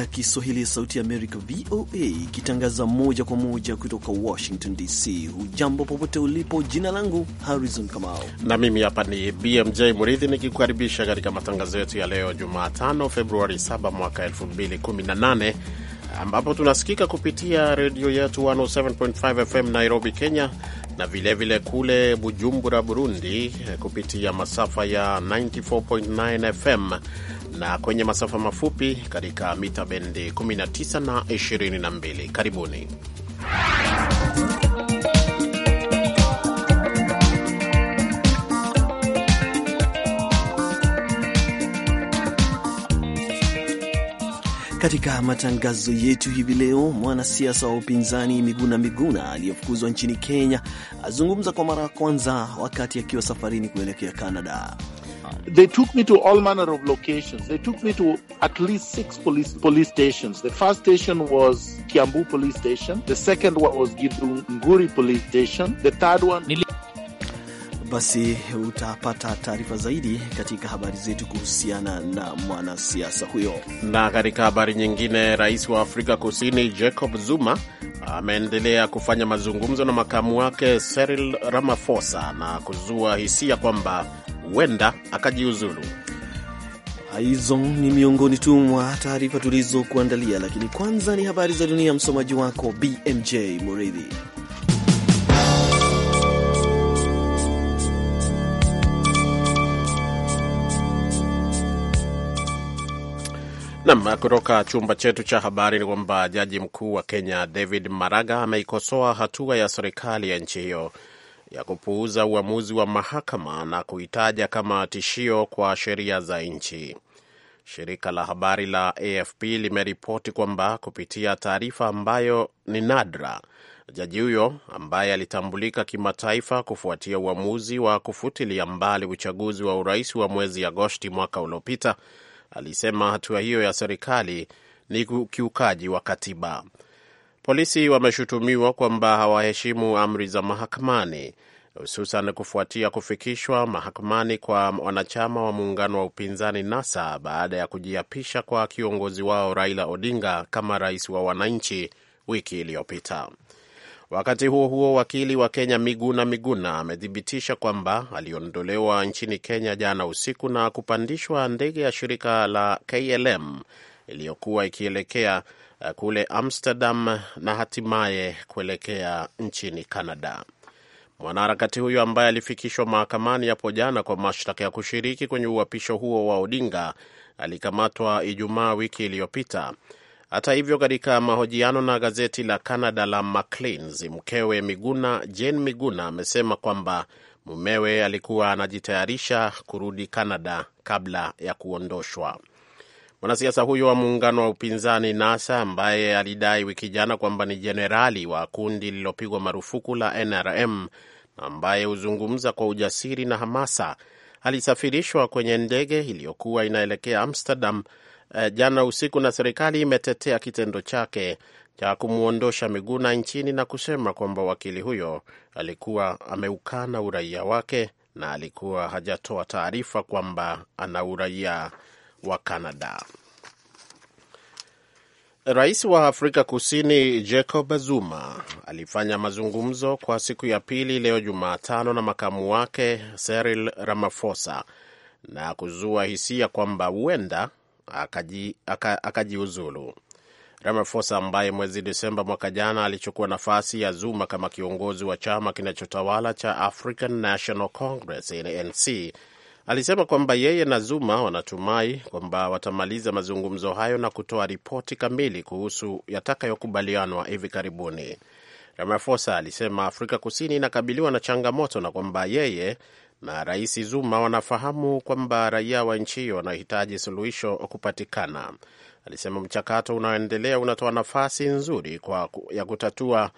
ya Kiswahili ya Sauti ya Amerika, VOA, ikitangaza moja kwa moja kutoka Washington DC. Hujambo popote ulipo, jina langu Harrison Kamau na mimi hapa ni BMJ Murithi nikikukaribisha katika matangazo yetu ya leo Jumatano, Februari 7 mwaka 2018 ambapo tunasikika kupitia redio yetu 107.5 FM Nairobi, Kenya, na vilevile vile kule Bujumbura, Burundi, kupitia masafa ya 94.9 FM na kwenye masafa mafupi katika mita bendi 19 na 22. Karibuni. Katika matangazo yetu hivi leo, mwanasiasa wa upinzani Miguna Miguna aliyefukuzwa nchini Kenya azungumza kwa mara ya kwanza wakati akiwa safarini kuelekea Canada. they took me to all manner of locations. They took me to at least six police police stations. The first station was Kiambu Police Station. The second one was Gidunguri Police Station. The third one. basi utapata taarifa zaidi katika habari zetu kuhusiana na mwanasiasa huyo. Na katika habari nyingine, rais wa Afrika Kusini Jacob Zuma ameendelea kufanya mazungumzo na makamu wake Cyril Ramaphosa na kuzua hisia kwamba huenda akajiuzulu. Hizo ni miongoni tu mwa taarifa tulizokuandalia, lakini kwanza ni habari za dunia. Msomaji wako BMJ Muridhi. Nam, kutoka chumba chetu cha habari ni kwamba jaji mkuu wa Kenya David Maraga ameikosoa hatua ya serikali ya nchi hiyo ya kupuuza uamuzi wa mahakama na kuitaja kama tishio kwa sheria za nchi. Shirika la habari la AFP limeripoti kwamba kupitia taarifa ambayo ni nadra, jaji huyo ambaye alitambulika kimataifa kufuatia uamuzi wa kufutilia mbali uchaguzi wa urais wa mwezi Agosti mwaka uliopita alisema hatua hiyo ya serikali ni ukiukaji wa katiba. Polisi wameshutumiwa kwamba hawaheshimu amri za mahakamani, hususan kufuatia kufikishwa mahakamani kwa wanachama wa muungano wa upinzani NASA baada ya kujiapisha kwa kiongozi wao Raila Odinga kama rais wa wananchi wiki iliyopita. Wakati huo huo, wakili wa Kenya Miguna Miguna amethibitisha kwamba aliondolewa nchini Kenya jana usiku na kupandishwa ndege ya shirika la KLM iliyokuwa ikielekea eh, kule Amsterdam na hatimaye kuelekea nchini Canada. Mwanaharakati huyo ambaye alifikishwa mahakamani hapo jana kwa mashtaka ya kushiriki kwenye uhapisho huo wa Odinga alikamatwa Ijumaa wiki iliyopita hata hivyo, katika mahojiano na gazeti la Canada la Macleans, mkewe Miguna, Jane Miguna, amesema kwamba mumewe alikuwa anajitayarisha kurudi Canada kabla ya kuondoshwa. Mwanasiasa huyo wa muungano wa upinzani NASA ambaye alidai wiki jana kwamba ni jenerali wa kundi lililopigwa marufuku la NRM na ambaye huzungumza kwa ujasiri na hamasa alisafirishwa kwenye ndege iliyokuwa inaelekea Amsterdam Eh, jana usiku, na serikali imetetea kitendo chake cha kumwondosha Miguna nchini na kusema kwamba wakili huyo alikuwa ameukana uraia wake na alikuwa hajatoa taarifa kwamba ana uraia wa Kanada. Rais wa Afrika Kusini Jacob Zuma alifanya mazungumzo kwa siku ya pili leo Jumatano na makamu wake Cyril Ramaphosa na kuzua hisia kwamba huenda akajiuzulu akaji Ramaphosa ambaye mwezi Desemba mwaka jana alichukua nafasi ya Zuma kama kiongozi wa chama kinachotawala cha African National Congress ANC alisema kwamba yeye na Zuma wanatumai kwamba watamaliza mazungumzo hayo na kutoa ripoti kamili kuhusu yatakayokubalianwa hivi karibuni. Ramaphosa alisema Afrika Kusini inakabiliwa na changamoto na kwamba yeye na Rais Zuma wanafahamu kwamba raia wa nchi hiyo wanahitaji suluhisho kupatikana alisema mchakato unaoendelea unatoa nafasi nzuri kwa ya kutatua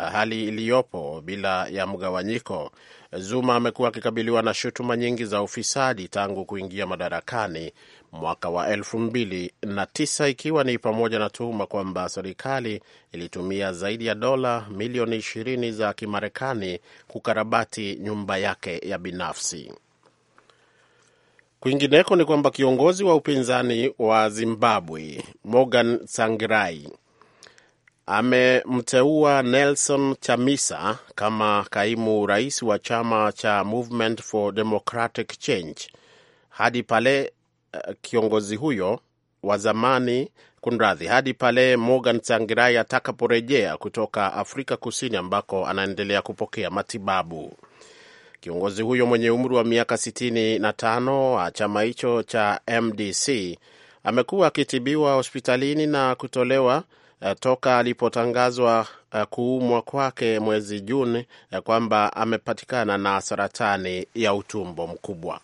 uh, hali iliyopo bila ya mgawanyiko. Zuma amekuwa akikabiliwa na shutuma nyingi za ufisadi tangu kuingia madarakani mwaka wa elfu mbili na tisa ikiwa ni pamoja na tuhuma kwamba serikali ilitumia zaidi ya dola milioni ishirini za Kimarekani kukarabati nyumba yake ya binafsi. Kwingineko ni kwamba kiongozi wa upinzani wa Zimbabwe Morgan Sangirai amemteua Nelson Chamisa kama kaimu rais wa chama cha Movement for Democratic Change hadi pale eh, kiongozi huyo wa zamani kunradhi, hadi pale Morgan Sangirai atakaporejea kutoka Afrika Kusini ambako anaendelea kupokea matibabu. Kiongozi huyo mwenye umri wa miaka 65 wa chama hicho cha MDC amekuwa akitibiwa hospitalini na kutolewa eh, toka alipotangazwa eh, kuumwa kwake mwezi Juni eh, kwamba amepatikana na saratani ya utumbo mkubwa.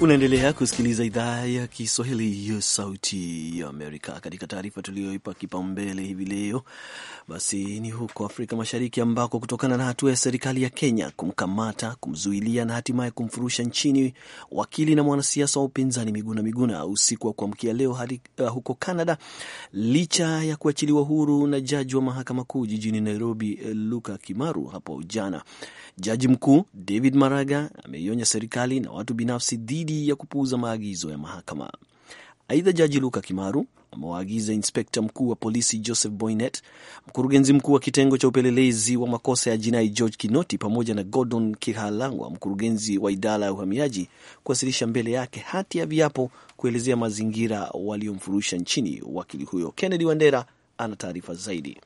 Unaendelea kusikiliza idhaa ya Kiswahili ya Sauti ya Amerika. Katika taarifa tuliyoipa kipaumbele hivi leo, basi ni huko Afrika Mashariki ambako kutokana na hatua ya serikali ya Kenya kumkamata, kumzuilia na hatimaye kumfurusha nchini wakili na mwanasiasa wa upinzani Miguna Miguna usiku wa kuamkia leo hadi uh, huko Canada, licha ya kuachiliwa huru na jaji wa mahakama kuu jijini Nairobi Luka Kimaru hapo jana, Jaji mkuu David Maraga ameionya serikali na watu binafsi dhidi ya kupuuza maagizo ya mahakama. Aidha, Jaji Luka Kimaru amewaagiza inspekta mkuu wa polisi Joseph Boynet, mkurugenzi mkuu wa kitengo cha upelelezi wa makosa ya jinai George Kinoti pamoja na Gordon Kihalangwa, mkurugenzi wa idara ya uhamiaji, kuwasilisha mbele yake hati ya viapo kuelezea mazingira waliomfurusha nchini wakili huyo. Kennedy Wandera ana taarifa zaidi.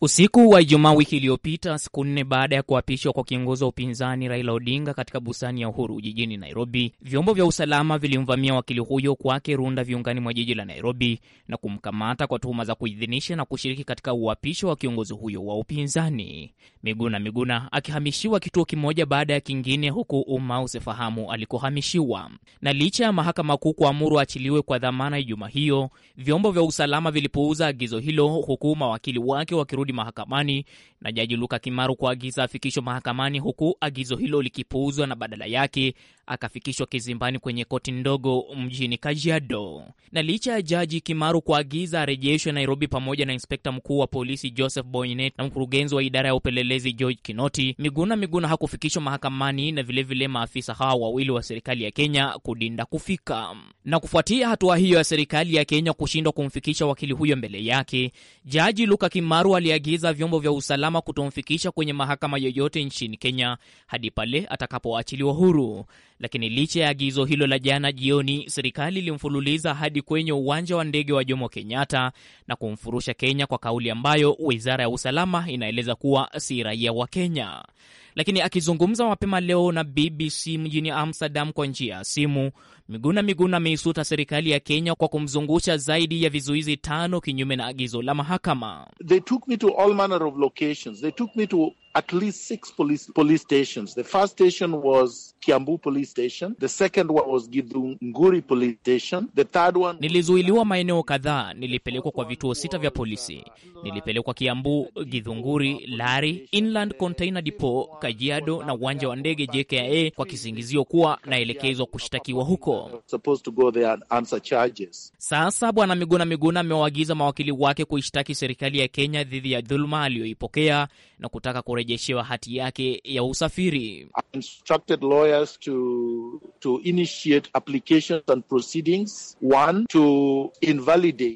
Usiku wa Ijumaa wiki iliyopita, siku nne baada ya kuapishwa kwa kiongozi wa upinzani Raila Odinga katika bustani ya Uhuru jijini Nairobi, vyombo vya usalama vilimvamia wakili huyo kwake Runda, viungani mwa jiji la Nairobi, na kumkamata kwa tuhuma za kuidhinisha na kushiriki katika uapisho wa kiongozi huyo wa upinzani. Miguna Miguna akihamishiwa kituo kimoja baada ya kingine, huku umma usifahamu alikohamishiwa. Na licha ya mahakama kuu kuamuru achiliwe kwa dhamana Ijumaa hiyo, vyombo vya usalama vilipuuza agizo hilo, huku mawakili wake wakirudi kurudi mahakamani na Jaji Luka Kimaru kuagiza afikishwe mahakamani, huku agizo hilo likipuuzwa na badala yake akafikishwa kizimbani kwenye koti ndogo mjini Kajiado. Na licha ya Jaji Kimaru kuagiza arejeshwe Nairobi pamoja na inspekta mkuu wa polisi Joseph Boynet na mkurugenzi wa idara ya upelelezi George Kinoti, Miguna Miguna hakufikishwa mahakamani na vilevile vile maafisa hawa wawili wa serikali ya Kenya kudinda kufika. Na kufuatia hatua hiyo ya serikali ya Kenya kushindwa kumfikisha wakili huyo mbele yake, Jaji Luka Kimaru alia ameagiza vyombo vya usalama kutomfikisha kwenye mahakama yoyote nchini Kenya hadi pale atakapoachiliwa huru. Lakini licha ya agizo hilo la jana jioni, serikali ilimfululiza hadi kwenye uwanja wa ndege wa Jomo Kenyatta na kumfurusha Kenya kwa kauli ambayo wizara ya usalama inaeleza kuwa si raia wa Kenya. Lakini akizungumza mapema leo na BBC mjini Amsterdam kwa njia ya simu Miguna Miguna ameisuta serikali ya Kenya kwa kumzungusha zaidi ya vizuizi tano kinyume na agizo la mahakama. They took me to all manner of locations. They took me to at least six police police stations. The first station was Kiambu police station. The second one was Githunguri police station. The third one... Nilizuiliwa maeneo kadhaa, nilipelekwa kwa vituo sita vya polisi. Nilipelekwa Kiambu, Githunguri, Lari, Inland Container Depot, Kajiado na uwanja wa ndege JKIA kwa kisingizio kuwa naelekezwa kushtakiwa huko. Supposed to go there and answer charges. Sasa Bwana Miguna Miguna amewaagiza mawakili wake kuishtaki serikali ya Kenya dhidi ya dhuluma aliyoipokea na kutaka kure amerejeshewa hati yake ya usafiri.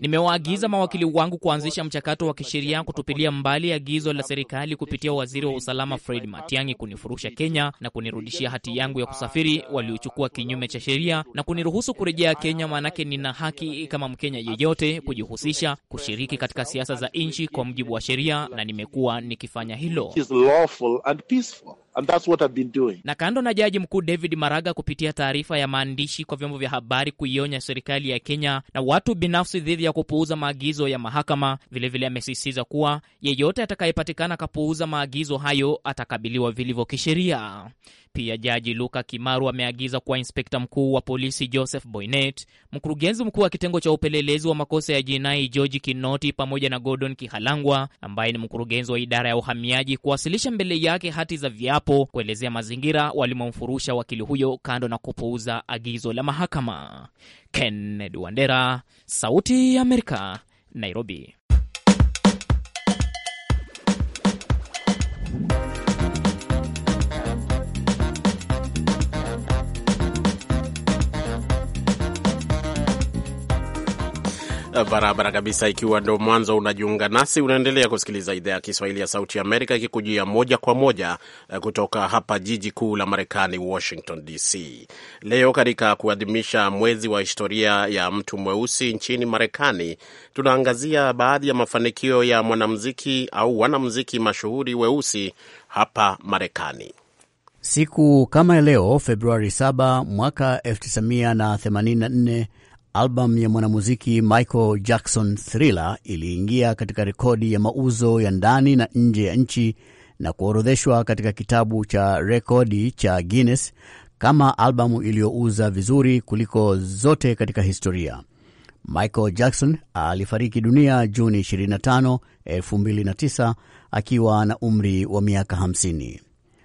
Nimewaagiza mawakili wangu kuanzisha mchakato wa kisheria kutupilia mbali agizo la serikali kupitia waziri wa usalama Fred Matiang'i kunifurusha Kenya na kunirudishia hati yangu ya kusafiri waliochukua kinyume cha sheria na kuniruhusu kurejea Kenya, maanake nina haki kama Mkenya yeyote kujihusisha, kushiriki katika siasa za nchi kwa mujibu wa sheria, na nimekuwa nikifanya hilo lawful and peaceful. And that's what I've been doing. Na kando na Jaji Mkuu David Maraga kupitia taarifa ya maandishi kwa vyombo vya habari kuionya serikali ya Kenya na watu binafsi dhidi ya kupuuza maagizo ya mahakama, vilevile amesisitiza kuwa yeyote atakayepatikana akapuuza maagizo hayo atakabiliwa vilivyo kisheria. Pia Jaji Luka Kimaru ameagiza kuwa inspekta mkuu wa polisi Joseph Boynet, mkurugenzi mkuu wa kitengo cha upelelezi wa makosa ya jinai George Kinoti pamoja na Gordon Kihalangwa ambaye ni mkurugenzi wa idara ya uhamiaji kuwasilisha mbele yake hati za viapo kuelezea mazingira walimomfurusha wakili huyo, kando na kupuuza agizo la mahakama. Kennedy Wandera, Sauti ya Amerika, Nairobi. Eh, barabara kabisa. Ikiwa ndo mwanzo unajiunga nasi, unaendelea kusikiliza idhaa ya Kiswahili ya Sauti ya Amerika ikikujia moja kwa moja eh, kutoka hapa jiji kuu la Marekani, Washington DC. Leo katika kuadhimisha mwezi wa historia ya mtu mweusi nchini Marekani, tunaangazia baadhi ya mafanikio ya mwanamuziki au wanamuziki mashuhuri weusi hapa Marekani. Siku kama leo Februari 7 mwaka 1984 Albamu ya mwanamuziki Michael Jackson Thriller iliingia katika rekodi ya mauzo ya ndani na nje ya nchi na kuorodheshwa katika kitabu cha rekodi cha Guinness kama albamu iliyouza vizuri kuliko zote katika historia. Michael Jackson alifariki dunia Juni 25, 2009 akiwa na umri wa miaka 50.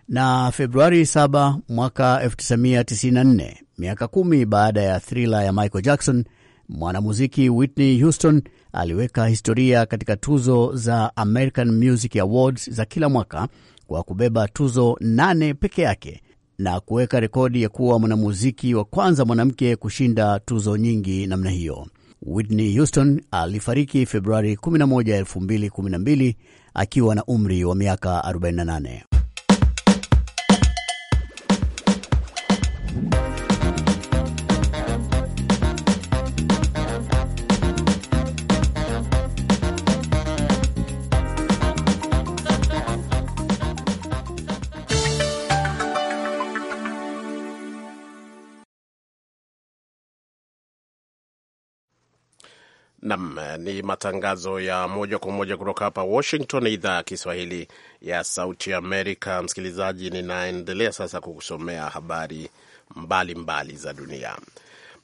Na Februari 7 mwaka 1994 Miaka kumi baada ya thriller ya Michael Jackson, mwanamuziki Whitney Houston aliweka historia katika tuzo za American Music Awards za kila mwaka kwa kubeba tuzo nane peke yake na kuweka rekodi ya kuwa mwanamuziki wa kwanza mwanamke kushinda tuzo nyingi namna hiyo. Whitney Houston alifariki Februari 11, 2012 akiwa na umri wa miaka 48. Nam ni matangazo ya moja kwa moja kutoka hapa Washington, idhaa ya Kiswahili ya Sauti Amerika. Msikilizaji, ninaendelea sasa kukusomea habari mbalimbali mbali za dunia.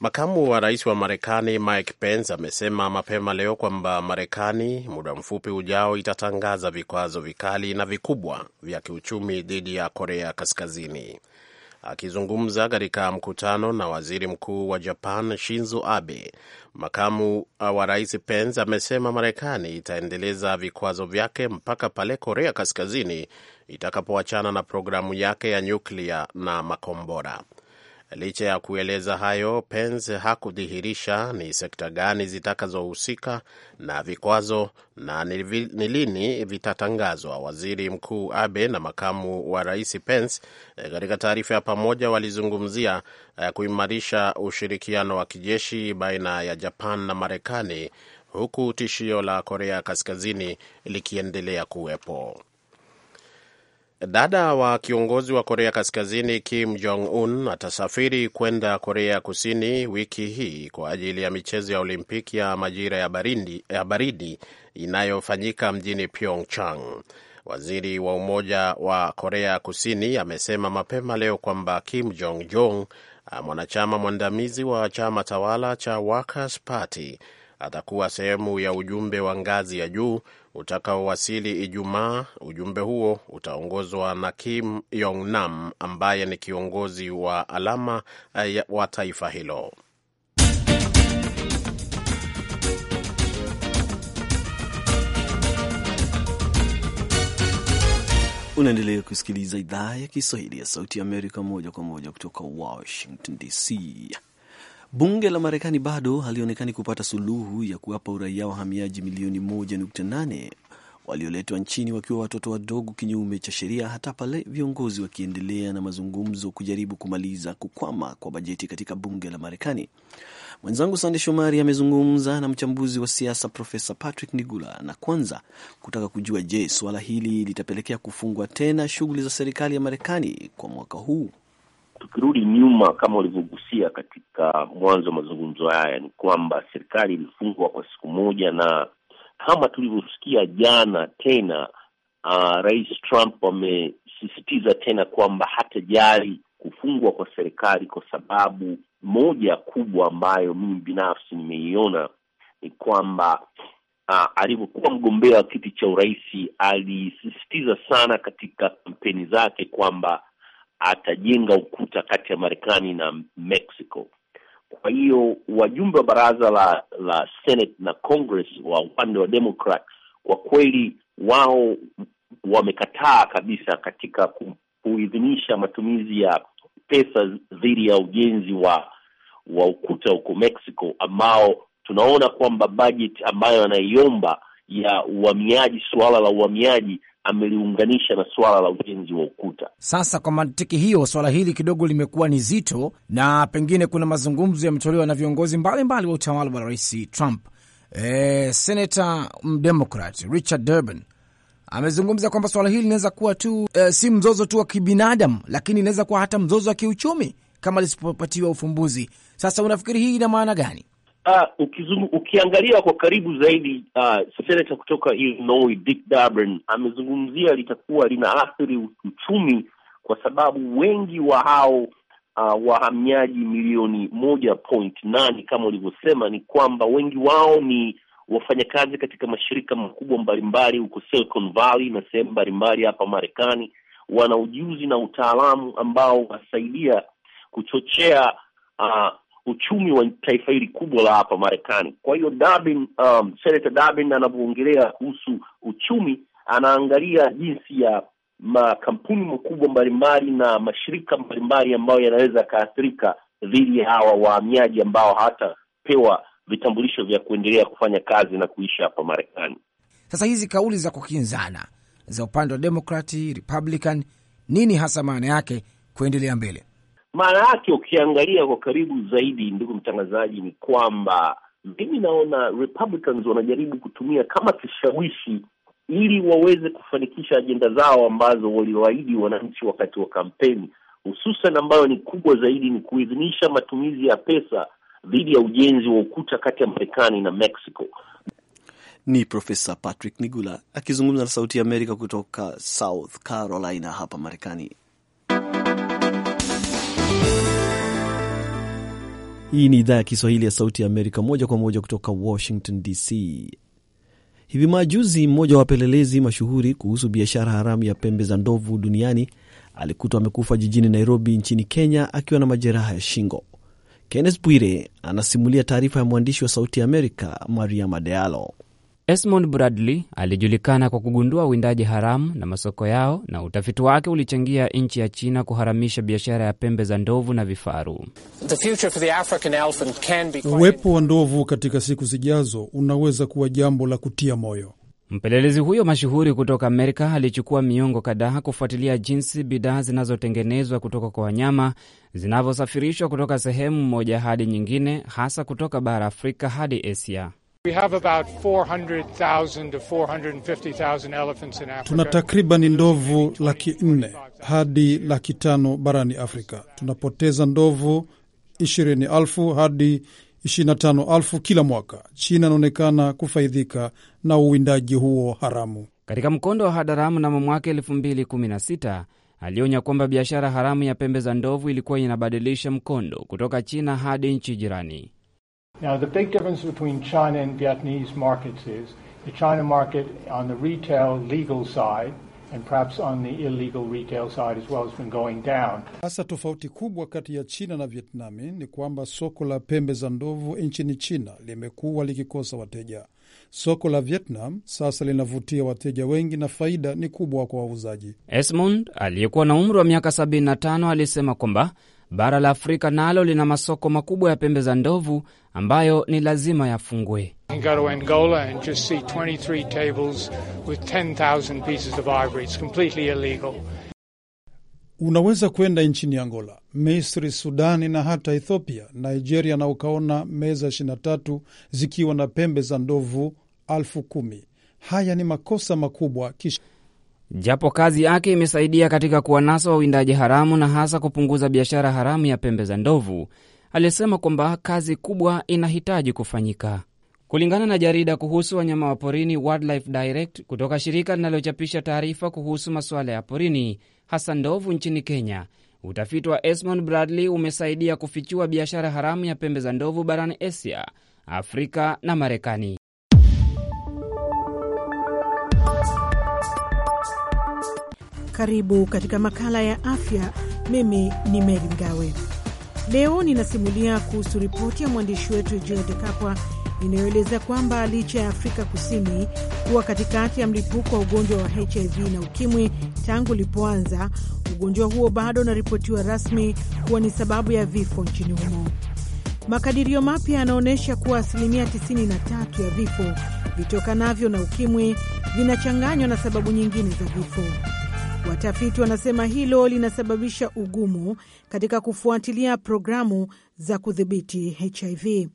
Makamu wa rais wa Marekani Mike Pence amesema mapema leo kwamba Marekani muda mfupi ujao itatangaza vikwazo vikali na vikubwa vya kiuchumi dhidi ya Korea Kaskazini. Akizungumza katika mkutano na waziri mkuu wa Japan Shinzo Abe, makamu uh, wa rais Pence amesema Marekani itaendeleza vikwazo vyake mpaka pale Korea Kaskazini itakapoachana na programu yake ya nyuklia na makombora. Licha ya kueleza hayo, Pence hakudhihirisha ni sekta gani zitakazohusika na vikwazo na ni lini vitatangazwa. Waziri Mkuu Abe na makamu wa rais Pence eh, katika taarifa ya pamoja walizungumzia eh, kuimarisha ushirikiano wa kijeshi baina ya Japan na Marekani, huku tishio la Korea Kaskazini likiendelea kuwepo. Dada wa kiongozi wa Korea Kaskazini Kim Jong Un atasafiri kwenda Korea Kusini wiki hii kwa ajili ya michezo ya Olimpiki ya majira ya baridi, ya baridi inayofanyika mjini Pyeongchang. Waziri wa Umoja wa Korea Kusini amesema mapema leo kwamba Kim Jong Jong, mwanachama mwandamizi wa chama tawala cha Workers Party, atakuwa sehemu ya ujumbe wa ngazi ya juu utakaowasili Ijumaa. Ujumbe huo utaongozwa na Kim Yong Nam ambaye ni kiongozi wa alama eh, wa taifa hilo. Unaendelea kusikiliza idhaa ya Kiswahili ya Sauti ya Amerika moja kwa moja kutoka Washington DC. Bunge la Marekani bado halionekani kupata suluhu ya kuwapa uraia wahamiaji milioni 1.8 walioletwa nchini wakiwa watoto wadogo kinyume cha sheria, hata pale viongozi wakiendelea na mazungumzo kujaribu kumaliza kukwama kwa bajeti katika bunge la Marekani. Mwenzangu Sande Shomari amezungumza na mchambuzi wa siasa Profesa Patrick Nigula na kwanza kutaka kujua je, suala hili litapelekea kufungwa tena shughuli za serikali ya Marekani kwa mwaka huu Tukirudi nyuma, kama ulivyogusia katika mwanzo wa mazungumzo haya, ni kwamba serikali ilifungwa kwa siku moja, na kama tulivyosikia jana tena, uh, Rais Trump amesisitiza tena kwamba hata jari kufungwa kwa serikali kwa sababu moja kubwa ambayo mimi binafsi nimeiona ni kwamba uh, alivyokuwa mgombea wa kiti cha urais alisisitiza sana katika kampeni zake kwamba atajenga ukuta kati ya Marekani na Mexico. Kwa hiyo wajumbe wa baraza la la Senate na Congress wa upande wa Democrat kwa kweli wao wamekataa kabisa katika kuidhinisha matumizi ya pesa dhidi ya ujenzi wa wa ukuta huko Mexico, ambao tunaona kwamba budget ambayo anaiomba ya uhamiaji, suala la uhamiaji ameliunganisha na suala la ujenzi wa ukuta. Sasa kwa mantiki hiyo, suala hili kidogo limekuwa ni zito, na pengine kuna mazungumzo yametolewa na viongozi mbalimbali wa utawala wa Rais Trump. E, senata mdemokrat Richard Durbin amezungumza kwamba suala hili linaweza kuwa tu e, si mzozo tu wa kibinadamu, lakini inaweza kuwa hata mzozo wa kiuchumi kama lisipopatiwa ufumbuzi. Sasa unafikiri hii ina maana gani? Uh, ukiangalia kwa karibu zaidi uh, seneta kutoka Illinois Dick Durbin amezungumzia litakuwa linaathiri uchumi kwa sababu wengi wa hao uh, wahamiaji milioni moja point nane kama ulivyosema, ni kwamba wengi wao ni wafanyakazi katika mashirika makubwa mbalimbali huko Silicon Valley na sehemu mbalimbali hapa Marekani. Wana ujuzi na utaalamu ambao wasaidia kuchochea uh, uchumi wa taifa hili kubwa la hapa Marekani. Kwa hiyo Durbin, um, Senator Durbin anavyoongelea kuhusu uchumi, anaangalia jinsi ya makampuni makubwa mbalimbali na mashirika mbalimbali ambayo yanaweza yakaathirika dhidi ya hawa wahamiaji ambao hawatapewa vitambulisho vya kuendelea kufanya kazi na kuishi hapa Marekani. Sasa hizi kauli za kukinzana za upande wa Democrat, Republican, nini hasa maana yake kuendelea mbele? Maana yake ukiangalia kwa karibu zaidi, ndugu mtangazaji, ni kwamba mimi naona Republicans wanajaribu kutumia kama kishawishi ili waweze kufanikisha ajenda zao ambazo waliwaahidi wananchi wakati wa kampeni, hususan ambayo ni kubwa zaidi, ni kuidhinisha matumizi ya pesa dhidi ya ujenzi wa ukuta kati ya Marekani na Mexico. Ni Profesa Patrick Nigula akizungumza na Sauti ya Amerika kutoka South Carolina hapa Marekani. Hii ni idhaa ya Kiswahili ya Sauti ya Amerika, moja kwa moja kutoka Washington DC. Hivi majuzi, mmoja wa wapelelezi mashuhuri kuhusu biashara haramu ya pembe za ndovu duniani alikutwa amekufa jijini Nairobi nchini Kenya akiwa na majeraha ya shingo. Kenneth Bwire anasimulia taarifa ya mwandishi wa Sauti ya Amerika Maria Madealo. Esmond Bradley alijulikana kwa kugundua uwindaji haramu na masoko yao na utafiti wake ulichangia nchi ya China kuharamisha biashara ya pembe za ndovu na vifaru. Uwepo wa ndovu katika siku zijazo unaweza kuwa jambo la kutia moyo. Mpelelezi huyo mashuhuri kutoka Amerika alichukua miongo kadhaa kufuatilia jinsi bidhaa zinazotengenezwa kutoka kwa wanyama zinavyosafirishwa kutoka sehemu moja hadi nyingine, hasa kutoka bara Afrika hadi Asia. Tuna takribani ndovu laki nne hadi laki tano barani Afrika. Tunapoteza ndovu ishirini hadi ishirini na tano kila mwaka. China inaonekana kufaidhika na uwindaji huo haramu. Katika mkondo wa Hadaramu mnamo mwaka elfu mbili kumi na sita alionya kwamba biashara haramu ya pembe za ndovu ilikuwa inabadilisha mkondo kutoka China hadi nchi jirani. Now, the big difference between China and Vietnamese markets is the China market on the retail legal side and perhaps on the illegal retail side as well has been going down. Hasa tofauti kubwa kati ya China na Vietnami ni kwamba soko la pembe za ndovu nchini China limekuwa likikosa wateja. Soko la Vietnam sasa linavutia wateja wengi na faida ni kubwa kwa wauzaji. Esmond aliyekuwa na umri wa miaka 75 alisema kwamba Bara la Afrika nalo lina masoko makubwa ya pembe za ndovu ambayo ni lazima yafungwe. Unaweza kwenda nchini Angola, Misri, Sudani na hata Ethiopia, Nigeria na ukaona meza 23 zikiwa na pembe za ndovu elfu kumi. Haya ni makosa makubwa kisha japo kazi yake imesaidia katika kuwanasa wawindaji haramu na hasa kupunguza biashara haramu ya pembe za ndovu. Alisema kwamba kazi kubwa inahitaji kufanyika. Kulingana na jarida kuhusu wanyama wa porini Wildlife Direct kutoka shirika linalochapisha taarifa kuhusu masuala ya porini, hasa ndovu nchini Kenya, utafiti wa Esmond Bradley umesaidia kufichua biashara haramu ya pembe za ndovu barani Asia, Afrika na Marekani. Karibu katika makala ya afya. Mimi ni Meri Mgawe. Leo ninasimulia kuhusu ripoti ya mwandishi wetu Joede Kapwa inayoeleza kwamba licha ya Afrika Kusini kuwa katikati ya mlipuko wa ugonjwa wa HIV na ukimwi tangu ulipoanza, ugonjwa huo bado unaripotiwa rasmi kuwa ni sababu ya vifo nchini humo. Makadirio mapya yanaonyesha kuwa asilimia 93 ya vifo vitokanavyo na ukimwi vinachanganywa na sababu nyingine za vifo. Watafiti wanasema hilo linasababisha ugumu katika kufuatilia programu za kudhibiti HIV.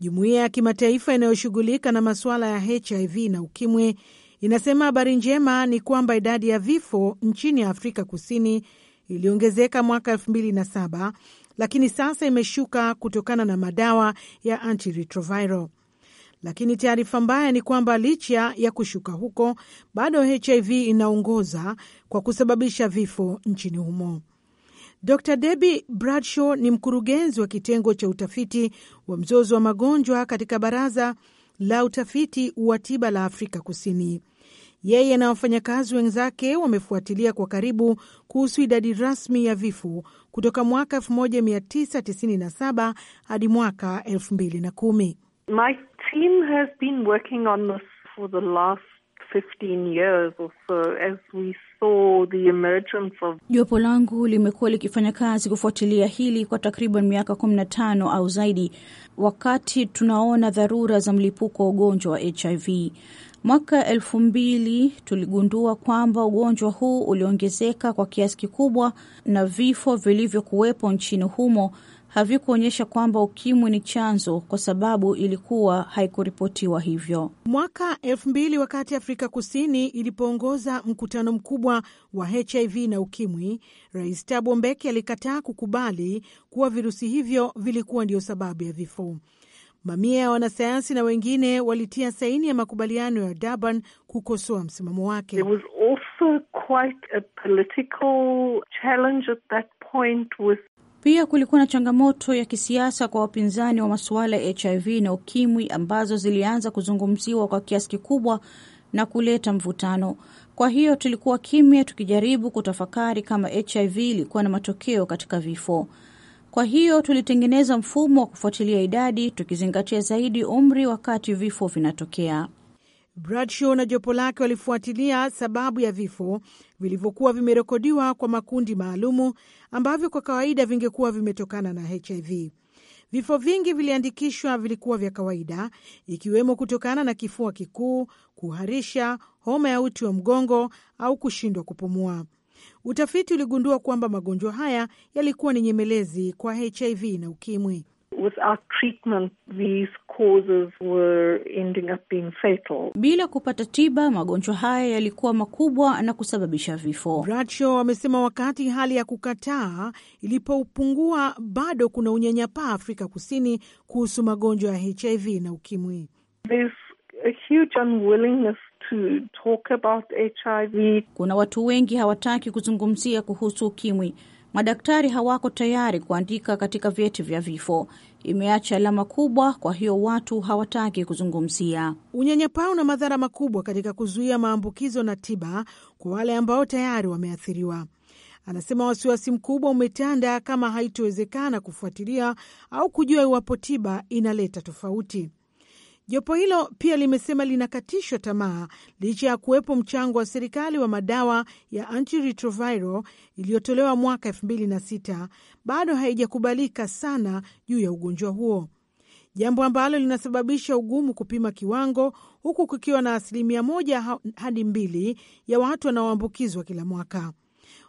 Jumuiya ya kimataifa inayoshughulika na masuala ya HIV na ukimwi inasema habari njema ni kwamba idadi ya vifo nchini Afrika Kusini iliongezeka mwaka 2007 lakini sasa imeshuka kutokana na madawa ya antiretroviral. Lakini taarifa mbaya ni kwamba licha ya kushuka huko, bado HIV inaongoza kwa kusababisha vifo nchini humo. Dr Debbie Bradshaw ni mkurugenzi wa kitengo cha utafiti wa mzozo wa magonjwa katika Baraza la Utafiti wa Tiba la Afrika Kusini. Yeye na wafanyakazi wenzake wamefuatilia kwa karibu kuhusu idadi rasmi ya vifo kutoka mwaka 1997 hadi mwaka 2010 team has been working on this for the last 15 years or so as we saw the emergence of. Jopo langu limekuwa likifanya kazi kufuatilia hili kwa takriban miaka 15 au zaidi, wakati tunaona dharura za mlipuko wa ugonjwa wa HIV. Mwaka elfu mbili tuligundua kwamba ugonjwa huu uliongezeka kwa kiasi kikubwa na vifo vilivyokuwepo nchini humo havikuonyesha kwamba ukimwi ni chanzo, kwa sababu ilikuwa haikuripotiwa hivyo. Mwaka elfu mbili wakati Afrika Kusini ilipoongoza mkutano mkubwa wa HIV na ukimwi, Rais Thabo Mbeki alikataa kukubali kuwa virusi hivyo vilikuwa ndio sababu ya vifo. Mamia ya wanasayansi na wengine walitia saini ya makubaliano ya Durban kukosoa msimamo wake. was also quite a political challenge at that point with pia kulikuwa na changamoto ya kisiasa kwa wapinzani wa masuala ya HIV na ukimwi ambazo zilianza kuzungumziwa kwa kiasi kikubwa na kuleta mvutano. Kwa hiyo tulikuwa kimya, tukijaribu kutafakari kama HIV ilikuwa na matokeo katika vifo. Kwa hiyo tulitengeneza mfumo wa kufuatilia idadi, tukizingatia zaidi umri wakati vifo vinatokea. Bradshaw na jopo lake walifuatilia sababu ya vifo vilivyokuwa vimerekodiwa kwa makundi maalumu ambavyo kwa kawaida vingekuwa vimetokana na HIV. Vifo vingi viliandikishwa vilikuwa vya kawaida, ikiwemo kutokana na kifua kikuu, kuharisha, homa ya uti wa mgongo au kushindwa kupumua. Utafiti uligundua kwamba magonjwa haya yalikuwa ni nyemelezi kwa HIV na UKIMWI without treatment these causes were ending up being fatal. Bila kupata tiba, magonjwa haya yalikuwa makubwa na kusababisha vifo. Bradshaw amesema wakati hali ya kukataa ilipopungua, bado kuna unyanyapaa Afrika Kusini kuhusu magonjwa ya HIV na ukimwi. There's a huge unwillingness To talk about HIV. Kuna watu wengi hawataki kuzungumzia kuhusu ukimwi. Madaktari hawako tayari kuandika katika vyeti vya vifo. Imeacha alama kubwa, kwa hiyo watu hawataki kuzungumzia. Unyanyapaa una madhara makubwa katika kuzuia maambukizo na tiba kwa wale ambao tayari wameathiriwa. Anasema wasiwasi mkubwa umetanda kama haitowezekana kufuatilia au kujua iwapo tiba inaleta tofauti. Jopo hilo pia limesema linakatishwa tamaa licha ya kuwepo mchango wa serikali wa madawa ya antiretroviral iliyotolewa mwaka 2006 bado haijakubalika sana juu ya ugonjwa huo, jambo ambalo linasababisha ugumu kupima kiwango, huku kukiwa na asilimia moja hadi mbili ya watu wanaoambukizwa kila mwaka.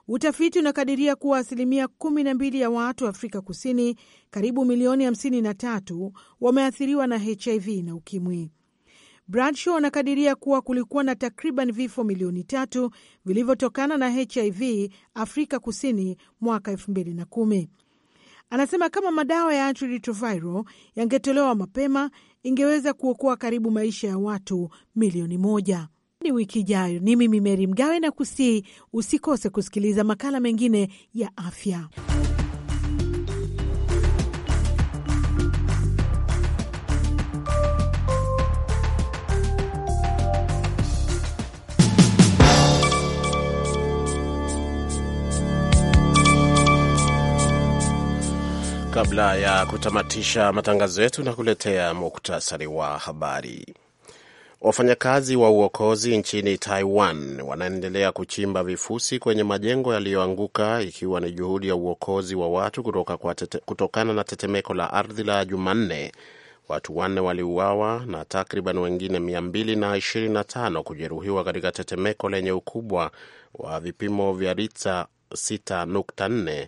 Utafiti unakadiria kuwa asilimia 12 ya watu Afrika Kusini, karibu milioni 53 wameathiriwa na HIV na ukimwi. Bradshaw anakadiria kuwa kulikuwa na takriban vifo milioni tatu vilivyotokana na HIV Afrika Kusini mwaka 2010. Anasema kama madawa ya antiretroviral yangetolewa mapema ingeweza kuokoa karibu maisha ya watu milioni moja. Hadi wiki ijayo, ni mimi Meri Mgawe na kusii usikose kusikiliza makala mengine ya afya. Kabla ya kutamatisha matangazo yetu na kuletea muktasari wa habari. Wafanyakazi wa uokozi nchini Taiwan wanaendelea kuchimba vifusi kwenye majengo yaliyoanguka ikiwa ni juhudi ya uokozi wa watu kutoka kwa tete, kutokana na tetemeko la ardhi la Jumanne. Watu wanne waliuawa na takriban wengine 225 kujeruhiwa katika tetemeko lenye ukubwa wa vipimo vya rita 6.4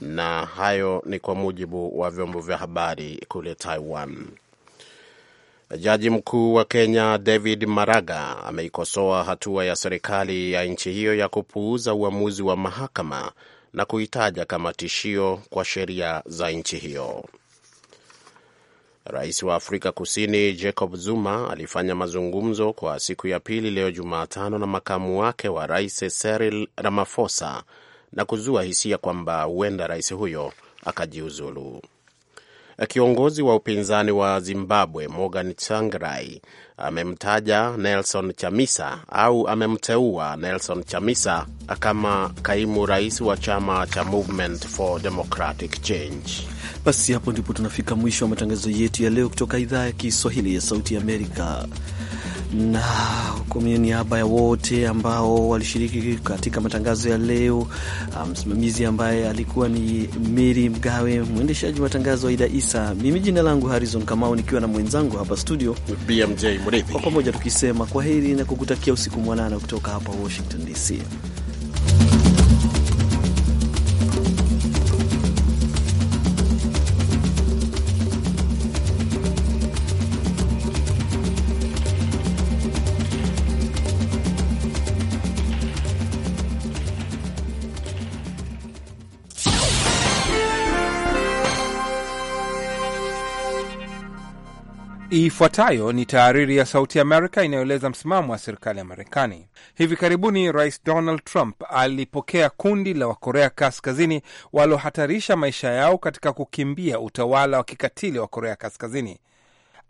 na hayo ni kwa mujibu wa vyombo vya habari kule Taiwan. Jaji mkuu wa Kenya David Maraga ameikosoa hatua ya serikali ya nchi hiyo ya kupuuza uamuzi wa mahakama na kuitaja kama tishio kwa sheria za nchi hiyo. Rais wa Afrika Kusini Jacob Zuma alifanya mazungumzo kwa siku ya pili leo Jumatano na makamu wake wa rais Cyril Ramaphosa na kuzua hisia kwamba huenda rais huyo akajiuzulu. Kiongozi wa upinzani wa Zimbabwe Morgan Tsvangirai amemtaja Nelson Chamisa au amemteua Nelson Chamisa kama kaimu rais wa chama cha Movement for Democratic Change. Basi hapo ndipo tunafika mwisho wa matangazo yetu ya leo kutoka idhaa ya Kiswahili ya Sauti ya Amerika na kwa niaba ya wote ambao walishiriki katika matangazo ya leo, ah, msimamizi um, ambaye alikuwa ni Meri Mgawe, mwendeshaji matangazo Aida Isa, mimi jina langu Harrison Kamau nikiwa na mwenzangu hapa studio BMJ Murithi, kwa pamoja tukisema kwa heri na kukutakia usiku mwanana kutoka hapa Washington DC. Ifuatayo ni taariri ya Sauti Amerika inayoeleza msimamo wa serikali ya Marekani. Hivi karibuni Rais Donald Trump alipokea kundi la Wakorea Kaskazini waliohatarisha maisha yao katika kukimbia utawala wa kikatili wa Korea Kaskazini.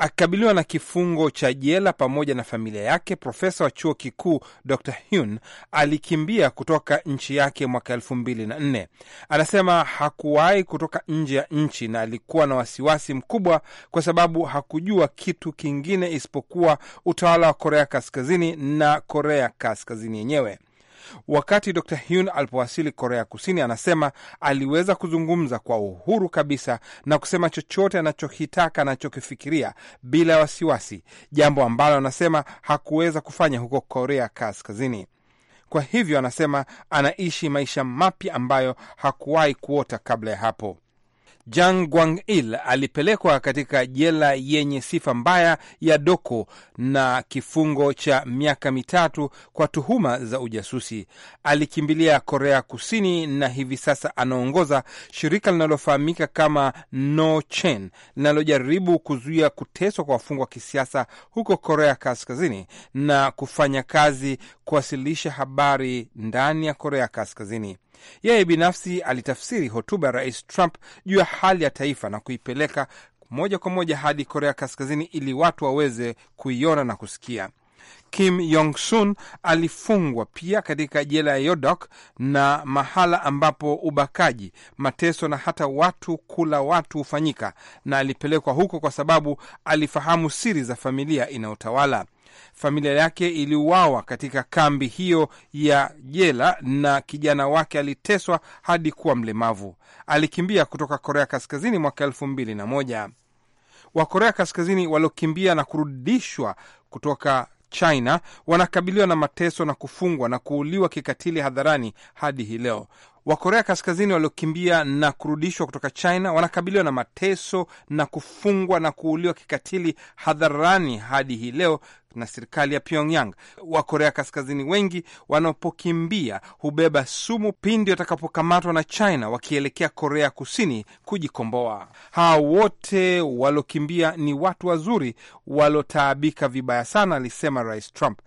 Akikabiliwa na kifungo cha jela pamoja na familia yake, profesa wa chuo kikuu Dr Hun alikimbia kutoka nchi yake mwaka elfu mbili na nne. Anasema hakuwahi kutoka nje ya nchi na alikuwa na wasiwasi mkubwa kwa sababu hakujua kitu kingine isipokuwa utawala wa Korea Kaskazini na Korea Kaskazini yenyewe. Wakati Dr Hyun alipowasili Korea Kusini, anasema aliweza kuzungumza kwa uhuru kabisa na kusema chochote anachokitaka anachokifikiria bila wasiwasi, jambo ambalo anasema hakuweza kufanya huko Korea Kaskazini. Kwa hivyo anasema anaishi maisha mapya ambayo hakuwahi kuota kabla ya hapo. Jang Gwang Il alipelekwa katika jela yenye sifa mbaya ya Doko na kifungo cha miaka mitatu kwa tuhuma za ujasusi. Alikimbilia Korea Kusini na hivi sasa anaongoza shirika linalofahamika kama No Chen linalojaribu kuzuia kuteswa kwa wafungwa wa kisiasa huko Korea Kaskazini na kufanya kazi kuwasilisha habari ndani ya Korea Kaskazini. Yeye binafsi alitafsiri hotuba ya Rais Trump juu ya hali ya taifa na kuipeleka moja kwa moja hadi Korea Kaskazini ili watu waweze kuiona na kusikia. Kim Yong Sun alifungwa pia katika jela ya Yodok na mahala ambapo ubakaji, mateso na hata watu kula watu hufanyika, na alipelekwa huko kwa sababu alifahamu siri za familia inayotawala. Familia yake iliuawa katika kambi hiyo ya jela na kijana wake aliteswa hadi kuwa mlemavu. Alikimbia kutoka Korea Kaskazini mwaka elfu mbili na moja. Wakorea Kaskazini waliokimbia na kurudishwa kutoka China wanakabiliwa na mateso na kufungwa na kuuliwa kikatili hadharani hadi hii leo. Wakorea Kaskazini waliokimbia na kurudishwa kutoka China wanakabiliwa na mateso na kufungwa na kuuliwa kikatili hadharani hadi hii leo na serikali ya Pyongyang. Wa Korea Kaskazini wengi wanapokimbia hubeba sumu pindi watakapokamatwa na China wakielekea Korea Kusini kujikomboa. Hawa wote waliokimbia ni watu wazuri waliotaabika vibaya sana, alisema Rais Trump.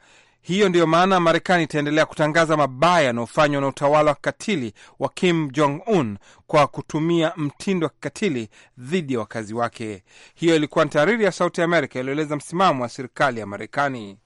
Hiyo ndiyo maana Marekani itaendelea kutangaza mabaya yanayofanywa na utawala wa kikatili wa Kim Jong Un kwa kutumia mtindo wa kikatili dhidi ya wakazi wake. Hiyo ilikuwa ni tahariri ya Sauti ya Amerika iliyoeleza msimamo wa serikali ya Marekani.